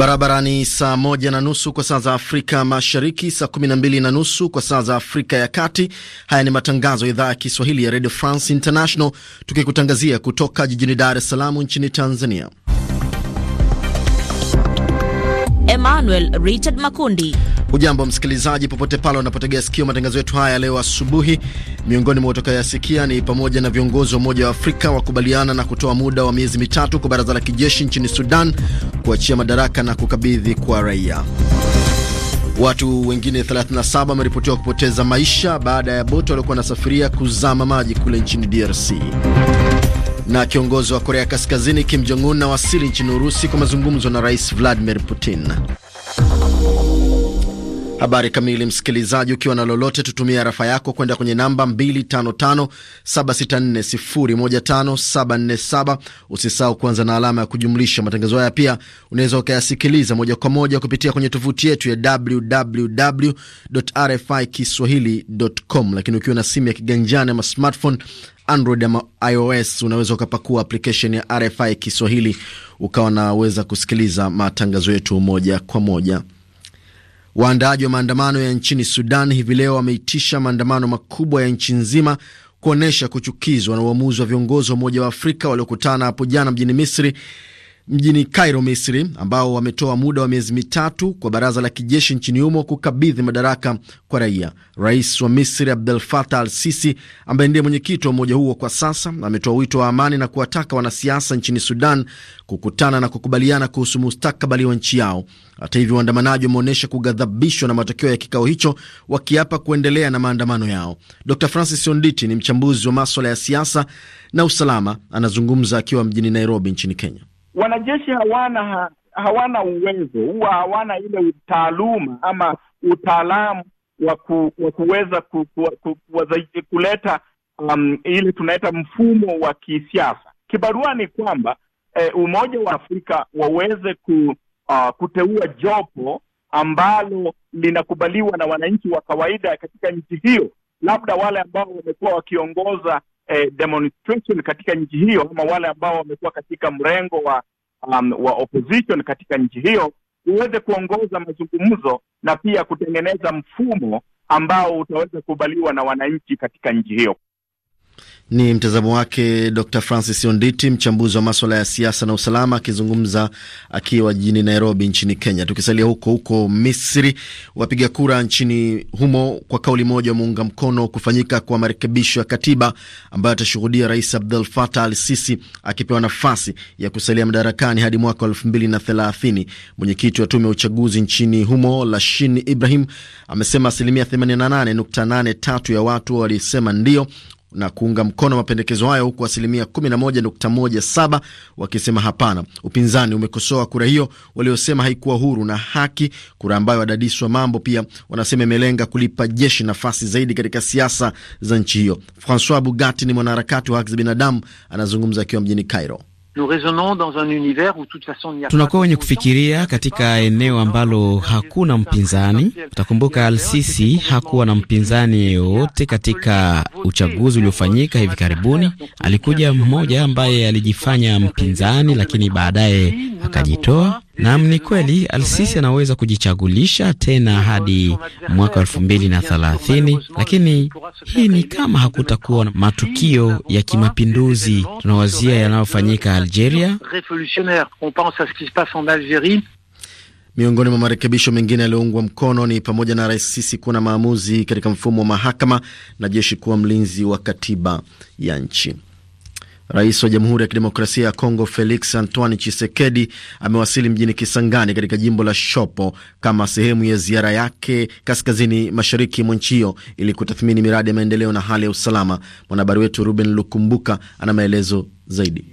Barabara ni saa moja na nusu kwa saa za Afrika Mashariki, saa kumi na mbili na nusu kwa saa za Afrika ya Kati. Haya ni matangazo ya idhaa ya Kiswahili ya Radio France International, tukikutangazia kutoka jijini Dar es Salaam nchini Tanzania. Emmanuel Richard Makundi. Ujambo msikilizaji, popote pale unapotegea sikio matangazo yetu haya leo asubuhi. Miongoni mwa utakayasikia ni pamoja na viongozi wa Umoja wa Afrika wakubaliana na kutoa muda wa miezi mitatu kwa baraza la kijeshi nchini Sudan kuachia madaraka na kukabidhi kwa raia. Watu wengine 37 wameripotiwa kupoteza maisha baada ya boti waliokuwa wanasafiria kuzama maji kule nchini DRC. Na kiongozi wa Korea Kaskazini Kim Jong Un awasili nchini Urusi kwa mazungumzo na Rais Vladimir Putin. Habari kamili, msikilizaji, ukiwa na lolote, tutumia rafa yako kwenda kwenye namba 255764015747. Usisahau kuanza na alama ya kujumlisha. Matangazo haya pia unaweza ukayasikiliza moja kwa moja kupitia kwenye tovuti yetu ya kiswahili.com. Lakini ukiwa na simu ya kiganjani ama smartphone, Android ama iOS unaweza ukapakua application ya RFI Kiswahili ukawa naweza kusikiliza matangazo yetu moja kwa moja. Waandaaji wa maandamano ya nchini Sudan hivi leo wameitisha maandamano makubwa ya nchi nzima kuonyesha kuchukizwa na uamuzi wa viongozi wa Umoja wa Afrika waliokutana hapo jana mjini Misri mjini Cairo, Misri, ambao wametoa muda wa miezi mitatu kwa baraza la kijeshi nchini humo kukabidhi madaraka kwa raia. Rais wa Misri Abdel Fattah al Sisi, ambaye ndiye mwenyekiti wa umoja huo kwa sasa, ametoa wito wa amani na kuwataka wanasiasa nchini Sudan kukutana na kukubaliana kuhusu mustakabali wa nchi yao. Hata hivyo, waandamanaji wameonyesha kughadhabishwa na matokeo ya kikao hicho, wakiapa kuendelea na maandamano yao. Dr Francis Onditi ni mchambuzi wa maswala ya siasa na usalama, anazungumza akiwa mjini Nairobi nchini Kenya wanajeshi hawana hawana uwezo huwa hawana ile utaaluma ama utaalamu wa ku, wa kuweza ku, ku, ku, kuleta um, ile tunaita mfumo wa kisiasa. Kibarua ni kwamba eh, Umoja wa Afrika waweze ku, uh, kuteua jopo ambalo linakubaliwa na wananchi wa kawaida katika nchi hiyo, labda wale ambao wamekuwa wakiongoza eh, demonstration katika nchi hiyo, ama wale ambao wamekuwa katika mrengo wa um, wa opposition katika nchi hiyo uweze kuongoza mazungumzo na pia kutengeneza mfumo ambao utaweza kukubaliwa na wananchi katika nchi hiyo. Ni mtazamo wake Dr Francis Onditi, mchambuzi wa maswala ya siasa na usalama, akizungumza akiwa jijini Nairobi nchini Kenya. Tukisalia huko huko Misri, wapiga kura nchini humo kwa kauli moja wameunga mkono kufanyika kwa marekebisho ya katiba ambayo atashuhudia Rais Abdel Fattah al Sisi akipewa nafasi ya kusalia madarakani hadi mwaka wa elfu mbili na thelathini. Mwenyekiti wa tume ya uchaguzi nchini humo Lashin Ibrahim amesema asilimia 88.83 ya watu walisema ndio na kuunga mkono mapendekezo hayo huku asilimia 11.17 wakisema hapana. Upinzani umekosoa kura hiyo, waliosema haikuwa huru na haki, kura ambayo wadadisi wa mambo pia wanasema imelenga kulipa jeshi nafasi zaidi katika siasa za nchi hiyo. Francois Bugatti ni mwanaharakati wa haki za binadamu, anazungumza akiwa mjini Cairo. Tunakuwa wenye kufikiria katika eneo ambalo hakuna mpinzani. Utakumbuka Alsisi hakuwa na mpinzani yeyote katika uchaguzi uliofanyika hivi karibuni. Alikuja mmoja ambaye alijifanya mpinzani, lakini baadaye akajitoa Naam, ni kweli alsisi anaweza kujichagulisha tena hadi mwaka elfu mbili na thelathini, lakini hii ni kama hakutakuwa matukio ya kimapinduzi tunawazia yanayofanyika Algeria. Miongoni mwa marekebisho mengine yaliyoungwa mkono ni pamoja na Rais Sisi kuwa na maamuzi katika mfumo wa mahakama na jeshi kuwa mlinzi wa katiba ya nchi. Rais wa Jamhuri ya Kidemokrasia ya Kongo Felix Antoine Chisekedi amewasili mjini Kisangani katika jimbo la Shopo kama sehemu ya ziara yake kaskazini mashariki mwa nchi hiyo ili kutathmini miradi ya maendeleo na hali ya usalama. Mwanahabari wetu Ruben Lukumbuka ana maelezo zaidi.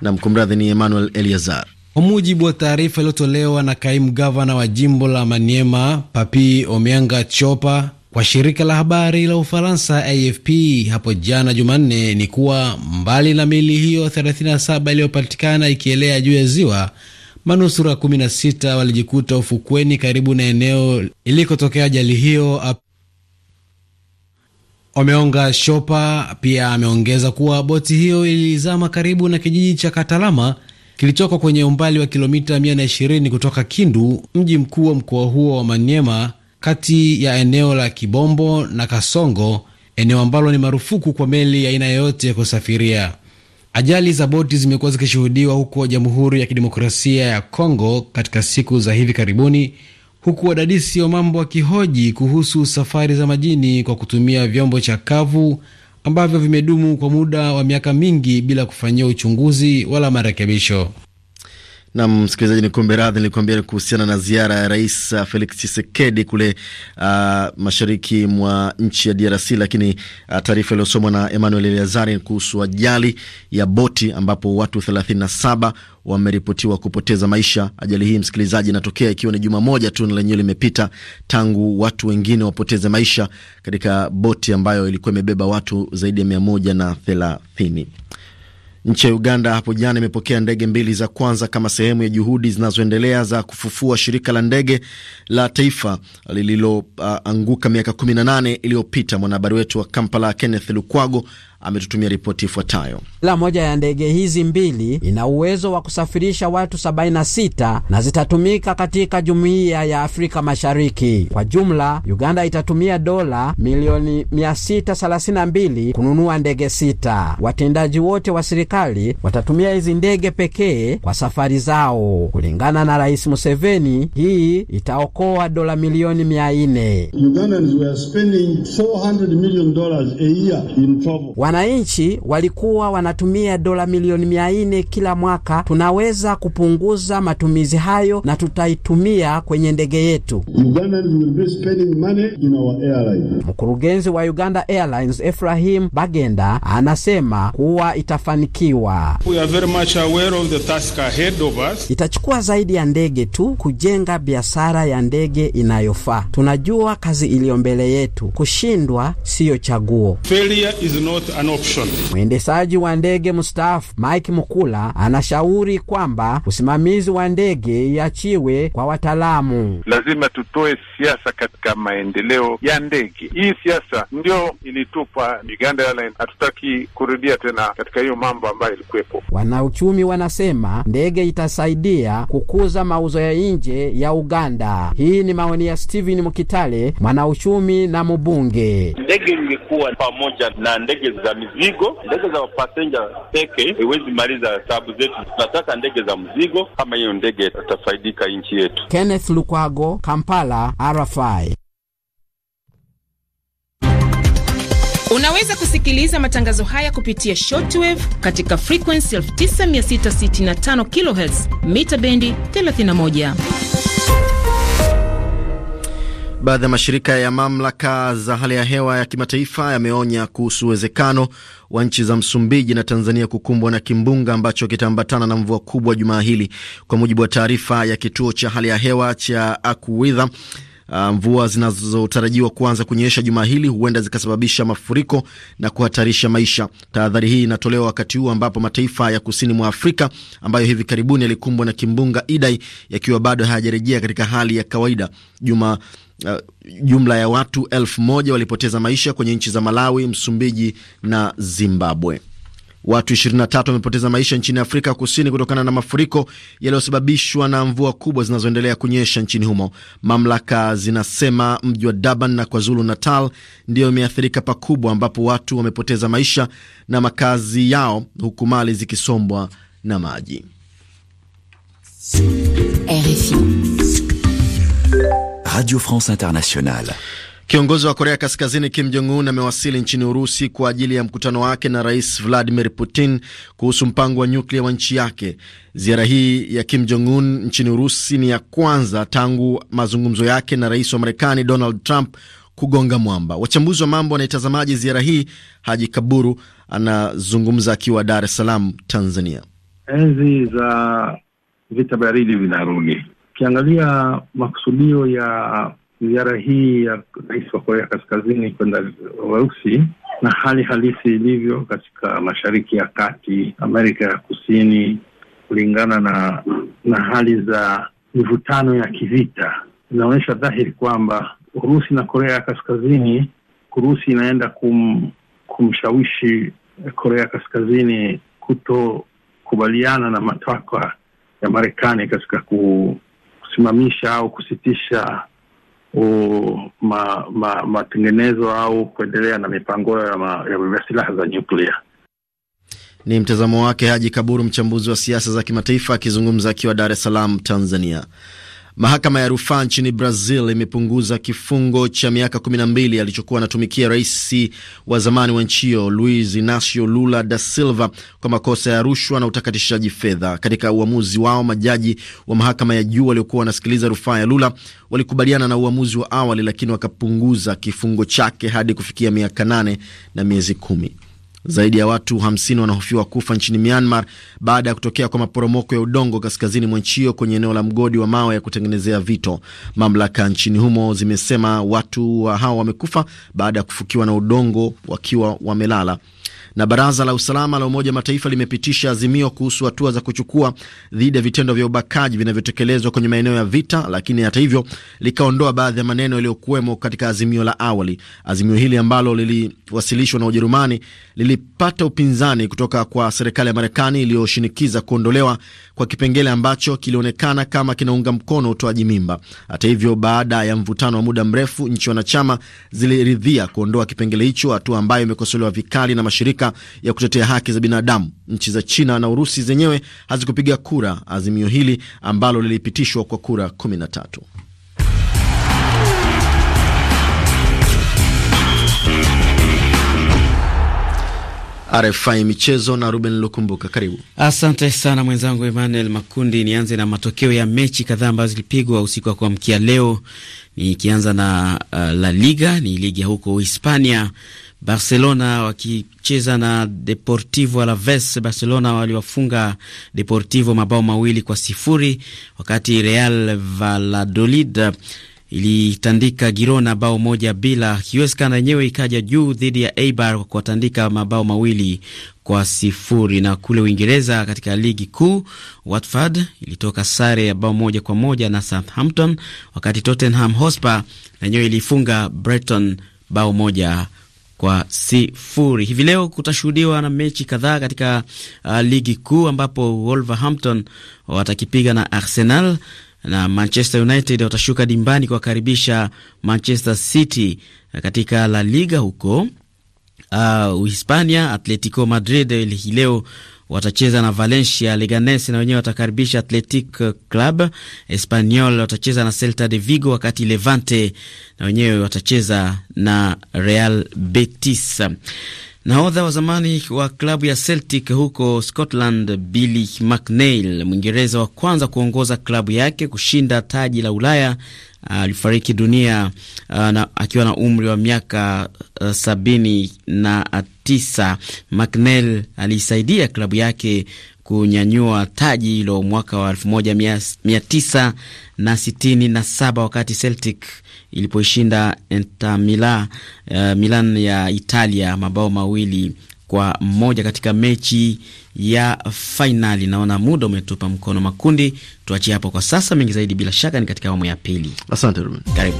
Nam, kumradhi, ni Emmanuel Eliazar. Kwa mujibu wa taarifa iliyotolewa na kaimu gavana wa jimbo la Maniema Papi Omianga Chopa kwa shirika la habari la Ufaransa AFP hapo jana Jumanne ni kuwa mbali na mili hiyo 37 iliyopatikana ikielea juu ya ziwa, manusura 16 walijikuta ufukweni karibu na eneo ilikotokea ajali hiyo. Omeonga Shopa pia ameongeza kuwa boti hiyo ilizama karibu na kijiji cha Katalama kilichoko kwenye umbali wa kilomita 120 kutoka Kindu, mji mkuu wa mkoa huo wa Maniema kati ya eneo la Kibombo na Kasongo, eneo ambalo ni marufuku kwa meli aina yoyote kusafiria. Ajali za boti zimekuwa zikishuhudiwa huko Jamhuri ya Kidemokrasia ya Kongo katika siku za hivi karibuni, huku wadadisi wa mambo wakihoji kuhusu safari za majini kwa kutumia vyombo chakavu ambavyo vimedumu kwa muda wa miaka mingi bila kufanyiwa uchunguzi wala marekebisho. Na msikilizaji, ni kuombe radhi, nilikuambia kuhusiana na ziara ya Rais uh, Felix Tshisekedi kule uh, mashariki mwa nchi ya DRC, lakini uh, taarifa iliyosomwa na Emmanuel Eleazari kuhusu ajali ya boti ambapo watu 37 wameripotiwa kupoteza maisha. Ajali hii msikilizaji, inatokea ikiwa ni juma moja tu na lenyewe limepita tangu watu wengine wapoteze maisha katika boti ambayo ilikuwa imebeba watu zaidi ya 130. Nchi ya Uganda hapo jana imepokea ndege mbili za kwanza kama sehemu ya juhudi zinazoendelea za kufufua shirika la ndege la taifa lililoanguka uh, miaka 18 iliyopita. Mwanahabari wetu wa Kampala Kenneth Lukwago ametutumia ripoti ifuatayo. Kila moja ya ndege hizi mbili ina uwezo wa kusafirisha watu 76 na zitatumika katika jumuiya ya Afrika Mashariki. Kwa jumla, Uganda itatumia dola milioni 632 kununua ndege sita. Watendaji wote wa serikali watatumia hizi ndege pekee kwa safari zao. Kulingana na Rais Museveni, hii itaokoa dola milioni 400 wananchi walikuwa wanatumia dola milioni mia nne kila mwaka, tunaweza kupunguza matumizi hayo na tutaitumia kwenye ndege yetu. Mkurugenzi wa Uganda Airlines Efrahim Bagenda anasema kuwa itafanikiwa. Itachukua zaidi ya ndege tu kujenga biashara ya ndege inayofaa. Tunajua kazi iliyo mbele yetu, kushindwa siyo chaguo. Failure is not an option. Mwendeshaji wa ndege mstaafu Mike Mukula anashauri kwamba usimamizi wa ndege iachiwe kwa wataalamu. Lazima tutoe siasa katika maendeleo ya ndege. Hii siasa ndio ilitupa Uganda Airlines, hatutaki kurudia tena katika hiyo mambo ambayo ilikuwepo. Wanauchumi wanasema ndege itasaidia kukuza mauzo ya nje ya Uganda. Hii ni maoni ya Steven Mkitale, mwanauchumi na mbunge. Ndege ingekuwa pamoja na ndege za mizigo. Ndege za passenger peke iwezi maliza sababu zetu, tunataka ndege za mzigo. Kama hiyo ndege tutafaidika nchi yetu. Kenneth Lukwago, Kampala, RFI. Unaweza kusikiliza matangazo haya kupitia shortwave katika frequency 9665 kHz mita bendi 31. Baadhi ya mashirika ya mamlaka za hali ya hewa ya kimataifa yameonya kuhusu uwezekano wa nchi za Msumbiji na Tanzania kukumbwa na kimbunga ambacho kitaambatana na mvua kubwa jumaa hili, kwa mujibu wa taarifa ya kituo cha hali ya hewa cha AccuWeather. Uh, mvua zinazotarajiwa kuanza kunyesha juma hili huenda zikasababisha mafuriko na kuhatarisha maisha. Tahadhari hii inatolewa wakati huu ambapo mataifa ya kusini mwa Afrika ambayo hivi karibuni yalikumbwa na kimbunga Idai yakiwa bado hayajarejea katika hali ya kawaida. Juma Uh, jumla ya watu elfu moja walipoteza maisha kwenye nchi za Malawi, Msumbiji na Zimbabwe. Watu 23 wamepoteza maisha nchini Afrika Kusini kutokana na mafuriko yaliyosababishwa na mvua kubwa zinazoendelea kunyesha nchini humo. Mamlaka zinasema mji wa Durban na KwaZulu Natal ndiyo imeathirika pakubwa, ambapo watu wamepoteza maisha na makazi yao, huku mali zikisombwa na maji. RFI. Radio France Internationale. Kiongozi wa Korea Kaskazini Kim Jong Un amewasili nchini Urusi kwa ajili ya mkutano wake na Rais Vladimir Putin kuhusu mpango wa nyuklia wa nchi yake. Ziara hii ya Kim Jong Un nchini Urusi ni ya kwanza tangu mazungumzo yake na rais wa Marekani Donald Trump kugonga mwamba. Wachambuzi wa mambo wanaitazamaji ziara hii. Haji Kaburu anazungumza akiwa Dar es Salaam, Tanzania. Enzi za vita baridi vinarudi Ukiangalia makusudio ya ziara hii ya rais wa Korea Kaskazini kwenda Urusi na hali halisi ilivyo katika Mashariki ya Kati, Amerika ya Kusini, kulingana na na hali za mivutano ya kivita, inaonyesha dhahiri kwamba Urusi na Korea ya Kaskazini, Urusi inaenda kum, kumshawishi Korea Kaskazini kutokubaliana na matakwa ya Marekani katika ku, kusimamisha au kusitisha u, ma, ma, matengenezo au kuendelea na mipango ya, ma, ya silaha za nyuklia. Ni mtazamo wake Haji Kaburu, mchambuzi wa siasa za kimataifa akizungumza akiwa Dar es Salaam, Tanzania. Mahakama ya rufaa nchini Brazil imepunguza kifungo cha miaka 12 alichokuwa anatumikia rais wa zamani wa nchi hiyo Luiz Inacio Lula da Silva kwa makosa ya rushwa na utakatishaji fedha. Katika uamuzi wao, majaji wa mahakama ya juu waliokuwa wanasikiliza rufaa ya Lula walikubaliana na uamuzi wa awali, lakini wakapunguza kifungo chake hadi kufikia miaka 8 na miezi kumi. Zaidi ya watu 50 wanahofiwa kufa nchini Myanmar baada ya kutokea kwa maporomoko ya udongo kaskazini mwa nchi hiyo kwenye eneo la mgodi wa mawe ya kutengenezea vito. Mamlaka nchini humo zimesema watu hao wamekufa baada ya kufukiwa na udongo wakiwa wamelala. Na baraza la usalama la Umoja Mataifa limepitisha azimio kuhusu hatua za kuchukua dhidi ya vitendo vya ubakaji vinavyotekelezwa kwenye maeneo ya vita, lakini hata hivyo likaondoa baadhi ya maneno yaliyokuwemo katika azimio la awali. Azimio hili ambalo liliwasilishwa na Ujerumani lilipata upinzani kutoka kwa serikali ya Marekani iliyoshinikiza kuondolewa kwa kipengele ambacho kilionekana kama kinaunga mkono utoaji mimba. Hata hivyo, baada ya mvutano wa muda mrefu, nchi wanachama ziliridhia kuondoa kipengele hicho, hatua ambayo imekosolewa vikali na mashirika mashirika ya kutetea haki za binadamu. Nchi za China na Urusi zenyewe hazikupiga kura azimio hili ambalo lilipitishwa kwa kura 13. RFI Michezo na Ruben Lukumbuka, karibu. Asante sana mwenzangu Emmanuel Makundi. Nianze na matokeo ya mechi kadhaa ambazo zilipigwa usiku wa kuamkia leo, nikianza na uh, La Liga, ni ligi ya huko Hispania Barcelona wakicheza na Deportivo Alaves. Barcelona waliwafunga Deportivo mabao mawili kwa sifuri, wakati Real Valladolid ilitandika Girona bao moja bila. Huescan yenyewe ikaja juu dhidi ya Eibar kwa kuwatandika mabao mawili kwa sifuri. Na kule Uingereza katika ligi kuu, Watford ilitoka sare ya bao moja kwa moja na Southampton, wakati Tottenham Hotspur yenyewe ilifunga Brighton bao moja kwa sifuri. Hivi leo kutashuhudiwa na mechi kadhaa katika uh, ligi kuu ambapo Wolverhampton watakipiga na Arsenal na Manchester United watashuka dimbani kuwakaribisha Manchester City. Katika La Liga huko uh, Uhispania, Atletico Madrid hii leo watacheza na Valencia. Leganes na wenyewe watakaribisha Athletic Club. Espanyol watacheza na Celta de Vigo, wakati Levante na wenyewe watacheza na Real Betis. Nahodha wa zamani wa klabu ya Celtic huko Scotland, Billy McNeil, Mwingereza wa kwanza kuongoza klabu yake kushinda taji la Ulaya, alifariki dunia uh, na, akiwa na umri wa miaka uh, sabini na tisa. McNeil aliisaidia klabu yake kunyanyua taji hilo mwaka wa 1967 wakati Celtic ilipoishinda Inter Milan, uh, Milan ya Italia mabao mawili kwa mmoja katika mechi ya fainali. Naona muda umetupa mkono makundi, tuachie hapo kwa sasa. Mengi zaidi bila shaka ni katika awamu ya pili. Asante karibu.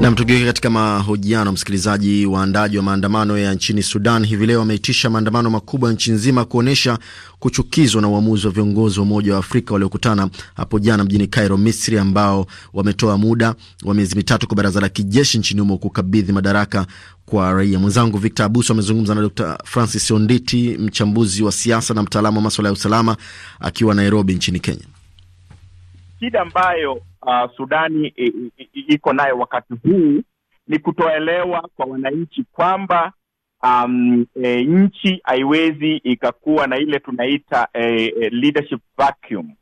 Nam, tugeuke katika mahojiano. Msikilizaji, waandaji wa maandamano ya nchini Sudan hivi leo wameitisha maandamano makubwa nchi nzima kuonyesha kuchukizwa na uamuzi wa viongozi wa Umoja wa Afrika waliokutana hapo jana mjini Cairo, Misri, ambao wametoa muda wa miezi mitatu kwa baraza la kijeshi nchini humo kukabidhi madaraka kwa raia. Mwenzangu Victor Abuso amezungumza na Dr Francis Onditi, mchambuzi wa siasa na mtaalamu wa maswala ya usalama, akiwa Nairobi nchini Kenya. Shida ambayo uh, Sudani iko nayo wakati huu ni kutoelewa kwa wananchi kwamba um, e, nchi haiwezi ikakuwa na ile tunaita e, e, leadership vacuum.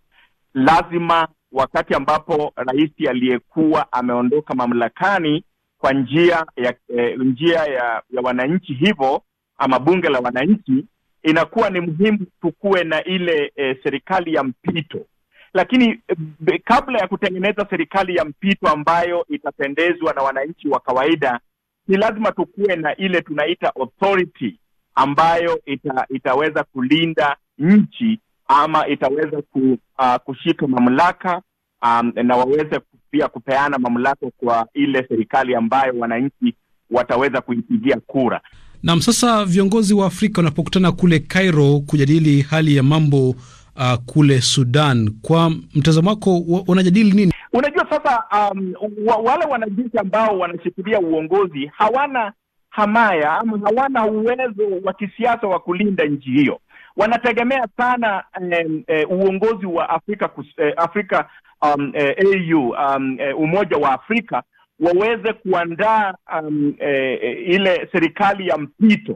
Lazima wakati ambapo rais aliyekuwa ameondoka mamlakani kwa njia ya e, njia ya, ya wananchi hivyo ama bunge la wananchi, inakuwa ni muhimu tukuwe na ile e, serikali ya mpito lakini be, eh, kabla ya kutengeneza serikali ya mpito ambayo itapendezwa na wananchi wa kawaida, ni lazima tukuwe na ile tunaita authority ambayo ita, itaweza kulinda nchi ama itaweza ku, uh, kushika mamlaka um, na waweze pia kupeana mamlaka kwa ile serikali ambayo wananchi wataweza kuipigia kura. nam sasa viongozi wa Afrika wanapokutana kule Cairo kujadili hali ya mambo uh, kule Sudan. Kwa mtazamo wako wanajadili nini? Unajua, sasa um, wale wanajeshi ambao wanashikilia uongozi hawana hamaya ama hawana uwezo wa kisiasa wa kulinda nchi hiyo. Wanategemea sana um, um, uongozi wa Afrika kus, uh, Afrika um, uh, e, AU um, uh, Umoja wa Afrika waweze kuandaa um, uh, ile serikali ya mpito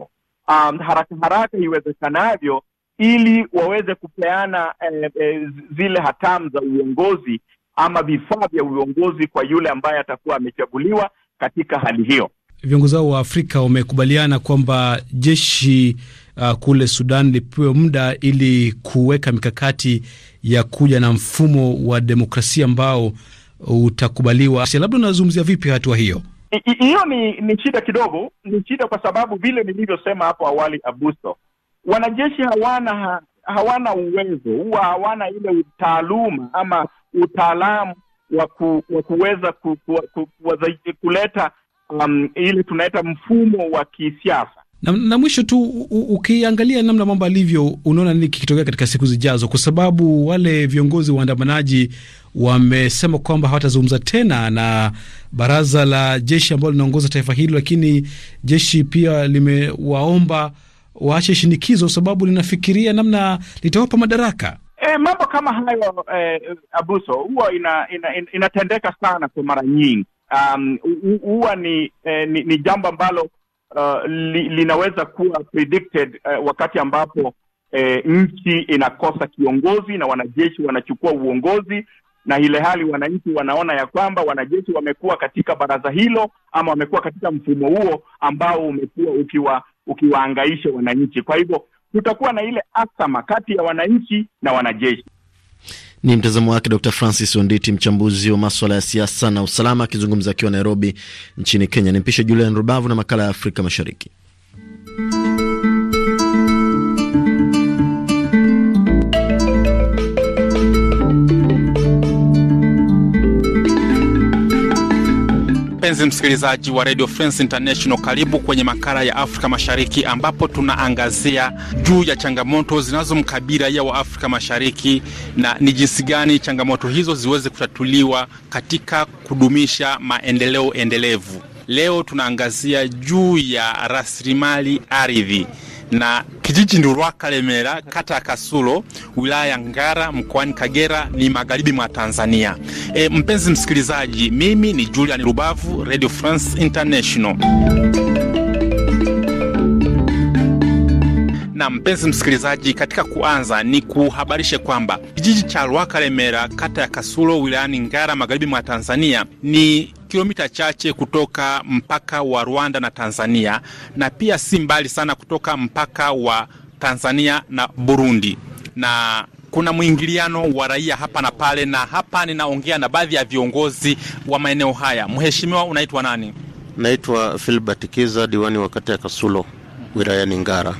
um, haraka haraka iwezekanavyo ili waweze kupeana eh, eh, zile hatamu za uongozi ama vifaa vya uongozi kwa yule ambaye atakuwa amechaguliwa katika hali hiyo. Viongozi hao wa Afrika wamekubaliana kwamba jeshi uh, kule Sudan lipewe muda ili kuweka mikakati ya kuja na mfumo wa demokrasia ambao utakubaliwa. Labda unazungumzia vipi hatua hiyo? Hiyo ni, ni shida kidogo, ni shida kwa sababu vile nilivyosema hapo awali, Abuso, wanajeshi hawana hawana uwezo huwa hawana ile utaaluma ama utaalamu wa ku, wa kuweza ku, ku, ku, ku, kuleta um, ile tunaita mfumo wa kisiasa na, na mwisho tu ukiangalia namna mambo alivyo, unaona nini kikitokea katika siku zijazo? Kwa sababu wale viongozi waandamanaji wamesema kwamba hawatazungumza tena na baraza la jeshi ambalo linaongoza taifa hilo, lakini jeshi pia limewaomba waache shinikizo, sababu linafikiria namna litawapa madaraka. E, mambo kama hayo e, Abuso, huwa ina, ina, ina, inatendeka sana kwa mara nyingi. Um, huwa ni, e, ni ni jambo ambalo uh, li, linaweza kuwa predicted wakati ambapo e, nchi inakosa kiongozi na wanajeshi wanachukua uongozi, na ile hali wananchi wanaona ya kwamba wanajeshi wamekuwa katika baraza hilo ama wamekuwa katika mfumo huo ambao umekuwa ukiwa ukiwaangaisha wananchi. Kwa hivyo kutakuwa na ile asama kati ya wananchi na wanajeshi. Ni mtazamo wake Dr Francis Onditi, mchambuzi wa maswala ya siasa na usalama, akizungumza akiwa Nairobi nchini Kenya. Nimpishe Julian Rubavu na makala ya Afrika Mashariki. Mpenzi msikilizaji wa Radio France International, karibu kwenye makala ya Afrika Mashariki ambapo tunaangazia juu ya changamoto zinazomkabili raia wa Afrika Mashariki na ni jinsi gani changamoto hizo ziweze kutatuliwa katika kudumisha maendeleo endelevu. Leo tunaangazia juu ya rasilimali ardhi na kijiji Ndurwa Kalemera, kata ya Kasulo, wilaya ya Ngara, mkoani Kagera, ni magharibi mwa Tanzania. E, mpenzi msikilizaji, mimi ni Julian Rubavu, Radio France International. Na mpenzi msikilizaji, katika kuanza ni kuhabarishe kwamba kijiji cha lwakalemera kata ya Kasulo wilayani Ngara magharibi mwa Tanzania ni kilomita chache kutoka mpaka wa Rwanda na Tanzania, na pia si mbali sana kutoka mpaka wa Tanzania na Burundi, na kuna mwingiliano wa raia hapa na pale. Na hapa ninaongea na baadhi ya viongozi wa maeneo haya. Mheshimiwa, unaitwa nani? Naitwa Filbert Kiza, diwani wa kata ya Kasulo wilayani Ngara.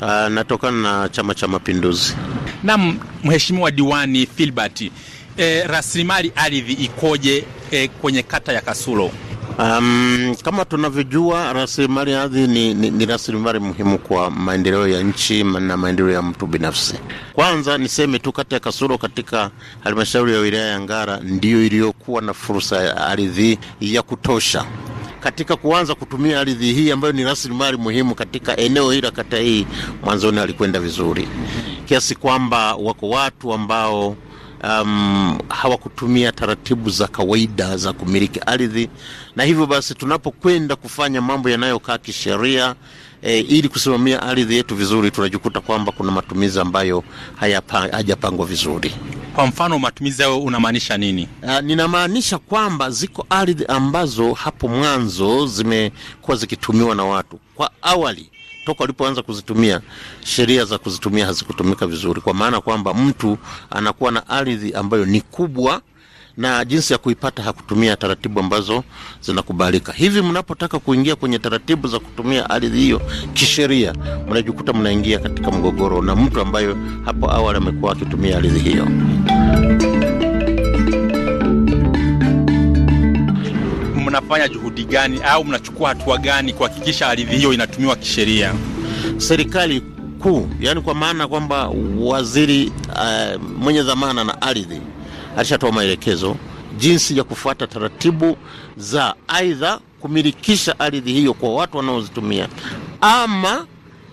Ah, natokana na Chama cha Mapinduzi. Naam, Mheshimiwa diwani Filbert e, rasilimali ardhi ikoje e, kwenye kata ya Kasulo? Um, kama tunavyojua rasilimali ardhi ni, ni, ni rasilimali muhimu kwa maendeleo ya nchi na maendeleo ya mtu binafsi. Kwanza niseme tu kata ya Kasuro katika halmashauri ya wilaya ya Ngara ndiyo iliyokuwa na fursa ya ardhi ya kutosha katika kuanza kutumia ardhi hii ambayo ni rasilimali muhimu katika eneo hili la kata hii. Mwanzoni alikwenda vizuri kiasi kwamba wako watu ambao um, hawakutumia taratibu za kawaida za kumiliki ardhi, na hivyo basi tunapokwenda kufanya mambo yanayokaa kisheria E, ili kusimamia ardhi yetu vizuri tunajikuta kwamba kuna matumizi ambayo hayajapangwa vizuri. Kwa mfano matumizi hayo unamaanisha nini? A, ah, ninamaanisha kwamba ziko ardhi ambazo hapo mwanzo zimekuwa zikitumiwa na watu kwa awali toka walipoanza kuzitumia sheria za kuzitumia hazikutumika vizuri, kwa maana kwamba mtu anakuwa na ardhi ambayo ni kubwa na jinsi ya kuipata hakutumia taratibu ambazo zinakubalika. Hivi mnapotaka kuingia kwenye taratibu za kutumia ardhi hiyo kisheria, mnajikuta mnaingia katika mgogoro na mtu ambayo hapo awali amekuwa akitumia ardhi hiyo. mnafanya juhudi gani au mnachukua hatua gani kuhakikisha ardhi hiyo inatumiwa kisheria? Serikali kuu, yani kwa maana kwamba waziri uh, mwenye dhamana na ardhi alishatoa maelekezo jinsi ya kufuata taratibu za aidha kumilikisha ardhi hiyo kwa watu wanaozitumia, ama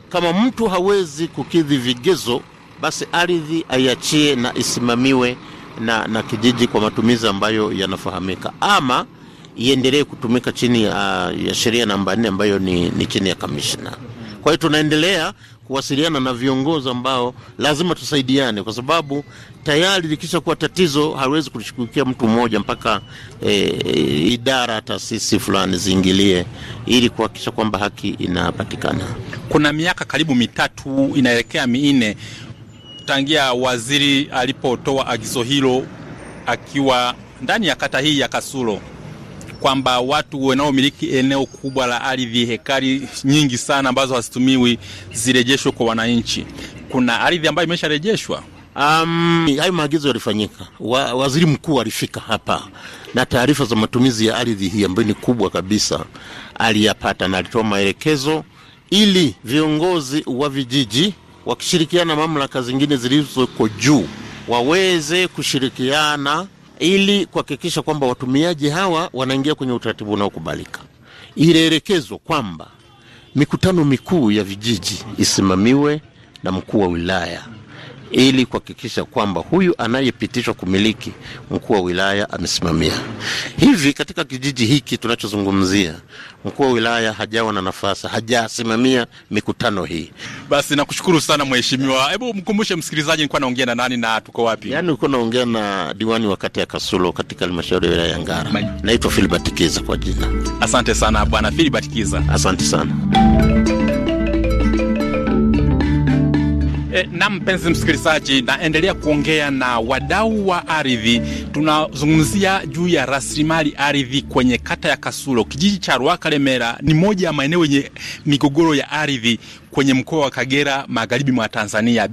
kama mtu hawezi kukidhi vigezo, basi ardhi aiachie na isimamiwe na, na kijiji kwa matumizi ambayo yanafahamika ama iendelee kutumika chini ya, ya sheria namba nne ambayo ni, ni chini ya kamishna. Kwa hiyo tunaendelea kuwasiliana na viongozi ambao lazima tusaidiane, kwa sababu tayari likisha kuwa tatizo haliwezi kulishughulikia mtu mmoja, mpaka e, idara taasisi fulani ziingilie ili kuhakikisha kwamba haki inapatikana. Kuna miaka karibu mitatu inaelekea minne tangia waziri alipotoa agizo hilo akiwa ndani ya kata hii ya Kasulo kwamba watu wanaomiliki eneo kubwa la ardhi, hekari nyingi sana ambazo hazitumiwi zirejeshwe kwa wananchi. Kuna ardhi ambayo imesharejeshwa. Um, hayo maagizo yalifanyika. Wa, waziri mkuu alifika hapa na taarifa za matumizi ya ardhi hii ambayo ni kubwa kabisa aliyapata, na alitoa maelekezo ili viongozi wa vijiji wakishirikiana na mamlaka zingine zilizoko juu waweze kushirikiana ili kuhakikisha kwamba watumiaji hawa wanaingia kwenye utaratibu unaokubalika. Ilielekezwa kwamba mikutano mikuu ya vijiji isimamiwe na mkuu wa wilaya ili kuhakikisha kwamba huyu anayepitishwa kumiliki mkuu wa wilaya amesimamia. Hivi katika kijiji hiki tunachozungumzia, mkuu wa wilaya hajawa na nafasi, hajasimamia mikutano hii. Basi nakushukuru sana mheshimiwa. Hebu mkumbushe msikilizaji, nilikuwa naongea na nani na tuko wapi? Yani ulikuwa naongea na diwani wa kata ya Kasulo katika halmashauri ya wilaya ya Ngara. Naitwa Filibert Kiza kwa jina. Asante sana bwana Filibert Kiza, asante sana. E, eh, na mpenzi msikilizaji, naendelea kuongea na wadau wa ardhi. Tunazungumzia juu ya rasilimali ardhi kwenye kata ya Kasulo. Kijiji cha Rwakaremera ni moja ya maeneo yenye migogoro ya ardhi kwenye mkoa wa Kagera, magharibi mwa Tanzania.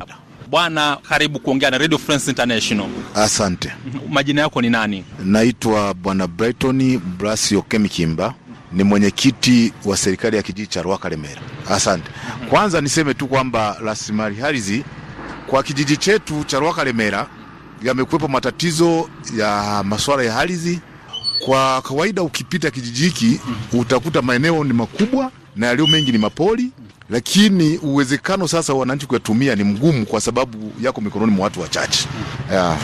Bwana, karibu kuongea na Radio France International. Asante. Majina yako ni nani? Naitwa Bwana Brighton Brasio Kemikimba ni mwenyekiti wa serikali ya kijiji cha Rwakaremera. Asante. Kwanza niseme tu kwamba rasilimali ardhi kwa kijiji chetu cha Rwakaremera yamekuwepo matatizo ya masuala ya ardhi. Kwa kawaida ukipita kijiji hiki utakuta maeneo ni makubwa na yaliyo mengi ni mapoli lakini uwezekano sasa wananchi kuyatumia ni mgumu kwa sababu yako mikononi mwa watu wachache yeah.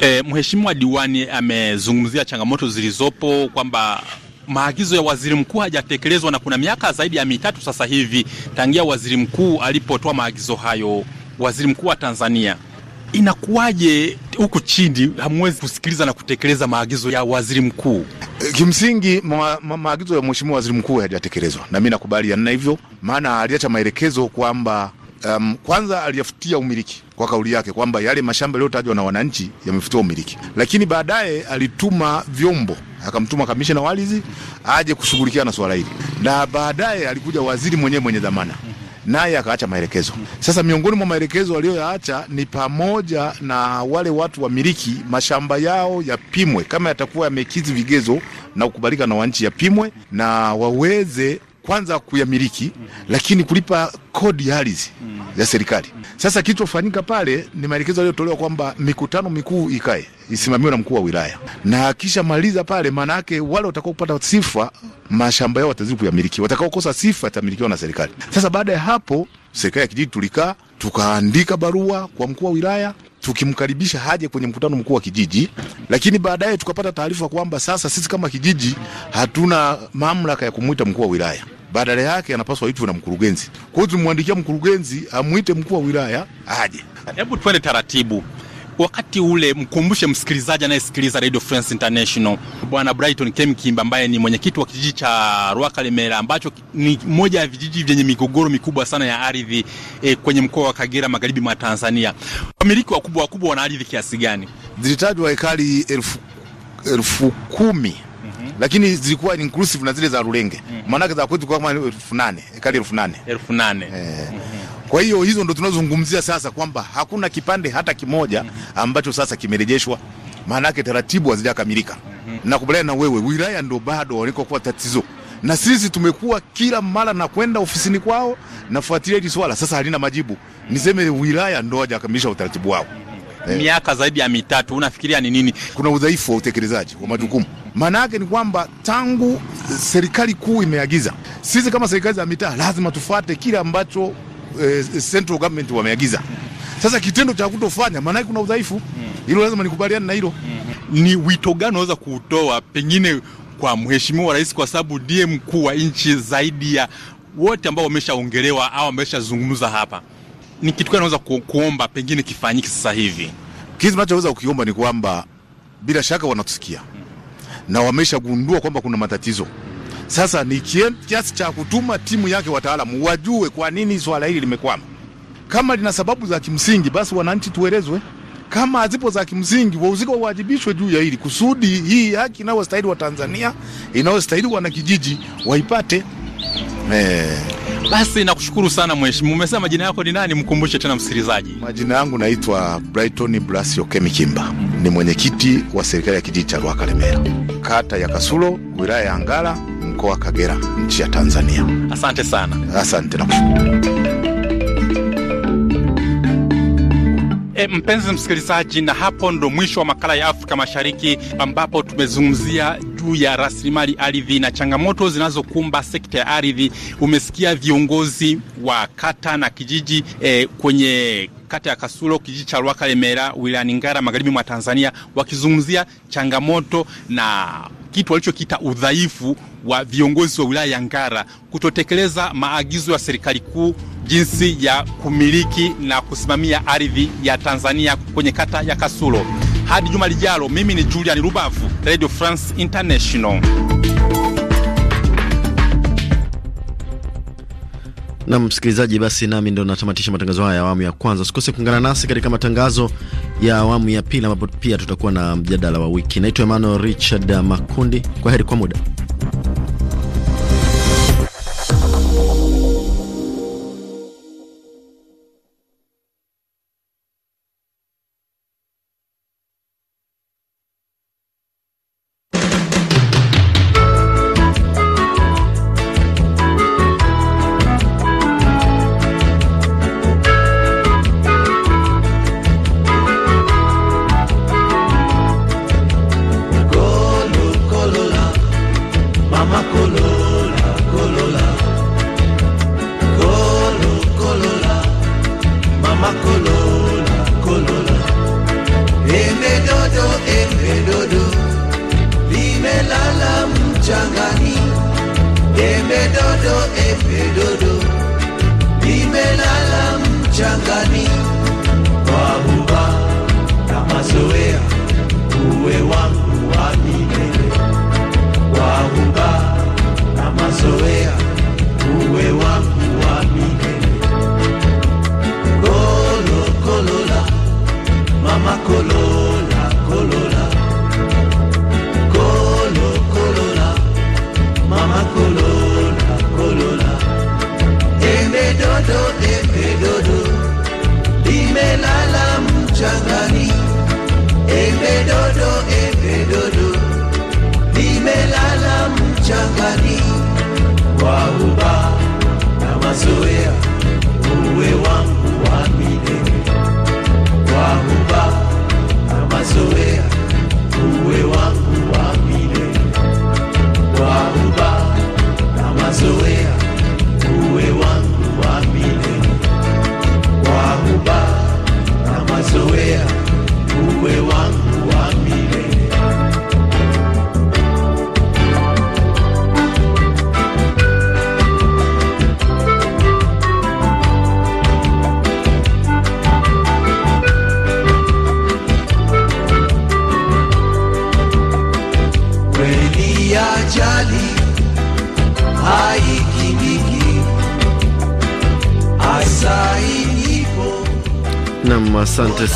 E, Mheshimiwa diwani amezungumzia changamoto zilizopo kwamba maagizo ya waziri mkuu hajatekelezwa na kuna miaka zaidi ya mitatu sasa hivi tangia waziri mkuu alipotoa maagizo hayo. Waziri mkuu wa Tanzania, inakuwaje huku chini hamwezi kusikiliza na kutekeleza maagizo ya waziri mkuu? Kimsingi ma, ma, maagizo ya mheshimiwa waziri mkuu hayajatekelezwa, na mimi nakubaliana na hivyo, maana aliacha maelekezo kwamba um, kwanza aliyafutia umiliki kwa kauli yake kwamba yale mashamba yaliyotajwa na wananchi yamefutiwa umiliki, lakini baadaye alituma vyombo, akamtuma kamishna walizi aje kushughulikia na swala hili, na baadaye alikuja waziri mwenyewe mwenye dhamana naye akaacha maelekezo. Sasa miongoni mwa maelekezo aliyoyaacha ni pamoja na wale watu wamiliki mashamba yao yapimwe, kama yatakuwa yamekizi vigezo na kukubalika na wananchi, yapimwe na waweze kwanza kuyamiliki mm -hmm. lakini kulipa kodi ya ardhi mm -hmm. ya serikali Sasa kilichofanyika pale ni maelekezo yaliyotolewa kwamba mikutano mikuu ikae isimamiwe na mkuu wa wilaya, na kisha maliza pale, maana yake wale watakao kupata sifa mashamba yao watazidi kuyamiliki, watakaokosa sifa yatamilikiwa na serikali. Sasa baada ya hapo, serikali ya kijiji tulikaa tukaandika barua kwa mkuu wa wilaya tukimkaribisha haje kwenye mkutano mkuu wa kijiji, lakini baadaye tukapata taarifa kwamba sasa sisi kama kijiji hatuna mamlaka ya kumwita mkuu wa wilaya badala yake anapaswa itwe na mkurugenzi. Kwa hiyo tumwandikia mkurugenzi amwite mkuu wa wilaya aje. Hebu twende taratibu wakati ule mkumbushe msikilizaji anayesikiliza Radio France International, Bwana Brighton Kemkimba ambaye ni mwenyekiti wa kijiji cha Rwakalemera ambacho ni moja ya vijiji vyenye migogoro mikubwa sana ya ardhi e, kwenye mkoa wa Kagera magharibi mwa Tanzania. Wamiliki wakubwa wakubwa wana ardhi kiasi gani? Zilitajwa hekari elfu, elfu kumi mhm. lakini zilikuwa inclusive na zile za Rulenge mhm. maanake mm. za kwetu kama elfu nane ekari elfu nane elfu nane eh. mm -hmm. Kwa hiyo hizo ndo tunazozungumzia sasa, kwamba hakuna kipande hata kimoja mhm. ambacho sasa kimerejeshwa, maana yake taratibu hazijakamilika. Mhm. Nakubaliana na wewe, wilaya ndo bado walikokuwa tatizo na sisi tumekuwa kila mara na kwenda ofisini kwao, nafuatilia hili swala sasa halina majibu. Niseme wilaya ndo hajakamilisha utaratibu wao eh, miaka zaidi ya mitatu. Unafikiria ni nini? Kuna udhaifu wa utekelezaji wa majukumu. Mhm. Maana yake ni kwamba tangu serikali kuu imeagiza, sisi kama serikali za mitaa lazima tufuate kile ambacho eh, central government wameagiza. Sasa kitendo cha kutofanya maana kuna udhaifu. Mm. Hilo lazima nikubaliane na hilo. Mm-hmm. Ni wito gani unaweza kuutoa pengine kwa mheshimiwa rais, kwa sababu ndiye mkuu wa nchi zaidi ya wote ambao wameshaongelewa au wameshazungumza hapa? Ni kitu gani unaweza ku, kuomba pengine kifanyike sasa hivi? Kitu tunachoweza kukiomba ni kwamba bila shaka wanatusikia mm. na wameshagundua kwamba kuna matatizo. Sasa ni kiasi cha kutuma timu yake wataalamu wajue kwa nini swala hili limekwama. Kama lina sababu za kimsingi, basi wananchi tuelezwe. Kama hazipo za kimsingi, wahusika wawajibishwe juu ya hili kusudi hii haki inayostahili wa Tanzania, inayostahili wanakijiji waipate. Eh. Basi nakushukuru sana mheshimiwa. Umesema majina yako ni nani? Mkumbushe tena msikilizaji. Majina yangu naitwa Brighton Blasio Kemikimba, ni mwenyekiti wa serikali ya kijiji cha Rwakalemera, kata ya Kasulo, wilaya ya Ngara mkoa wa Kagera, nchi ya Tanzania. Asante sana. Asante na kushukuru. E, eh, mpenzi msikilizaji, na hapo ndo mwisho wa makala ya Afrika Mashariki ambapo tumezungumzia yetu ya rasilimali ardhi na changamoto zinazokumba sekta ya ardhi. Umesikia viongozi wa kata na kijiji eh, kwenye kata ya Kasulo, kijiji cha Rwakalemera, wilayani Ngara, magharibi mwa Tanzania, wakizungumzia changamoto na kitu walichokiita udhaifu wa viongozi wa wilaya ya Ngara kutotekeleza maagizo ya serikali kuu jinsi ya kumiliki na kusimamia ardhi ya Tanzania kwenye kata ya Kasulo. Hadi juma lijalo, mimi ni Julian Rubavu, Radio France International. Na msikilizaji, basi nami ndo natamatisha matangazo haya ya awamu ya kwanza. Usikose kuungana nasi katika matangazo ya awamu ya pili ambapo pia tutakuwa na mjadala wa wiki. Naitwa Emmanuel Richard Makundi, kwa heri kwa muda. 不为王。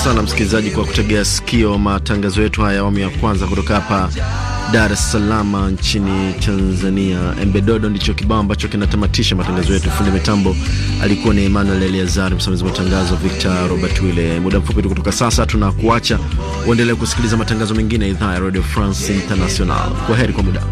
sana msikilizaji kwa kutegea sikio matangazo yetu haya awamu ya kwanza kutoka hapa Dar es Salaam nchini Tanzania. Embedodo ndicho kibao ambacho kinatamatisha matangazo yetu. Fundi mitambo alikuwa ni Emmanuel Eliazar, msimamizi wa matangazo Victor Robert Wile. Muda mfupi tu kutoka sasa tunakuacha uendelee kusikiliza matangazo mengine ya idhaa ya Radio France International. Kwa heri kwa muda.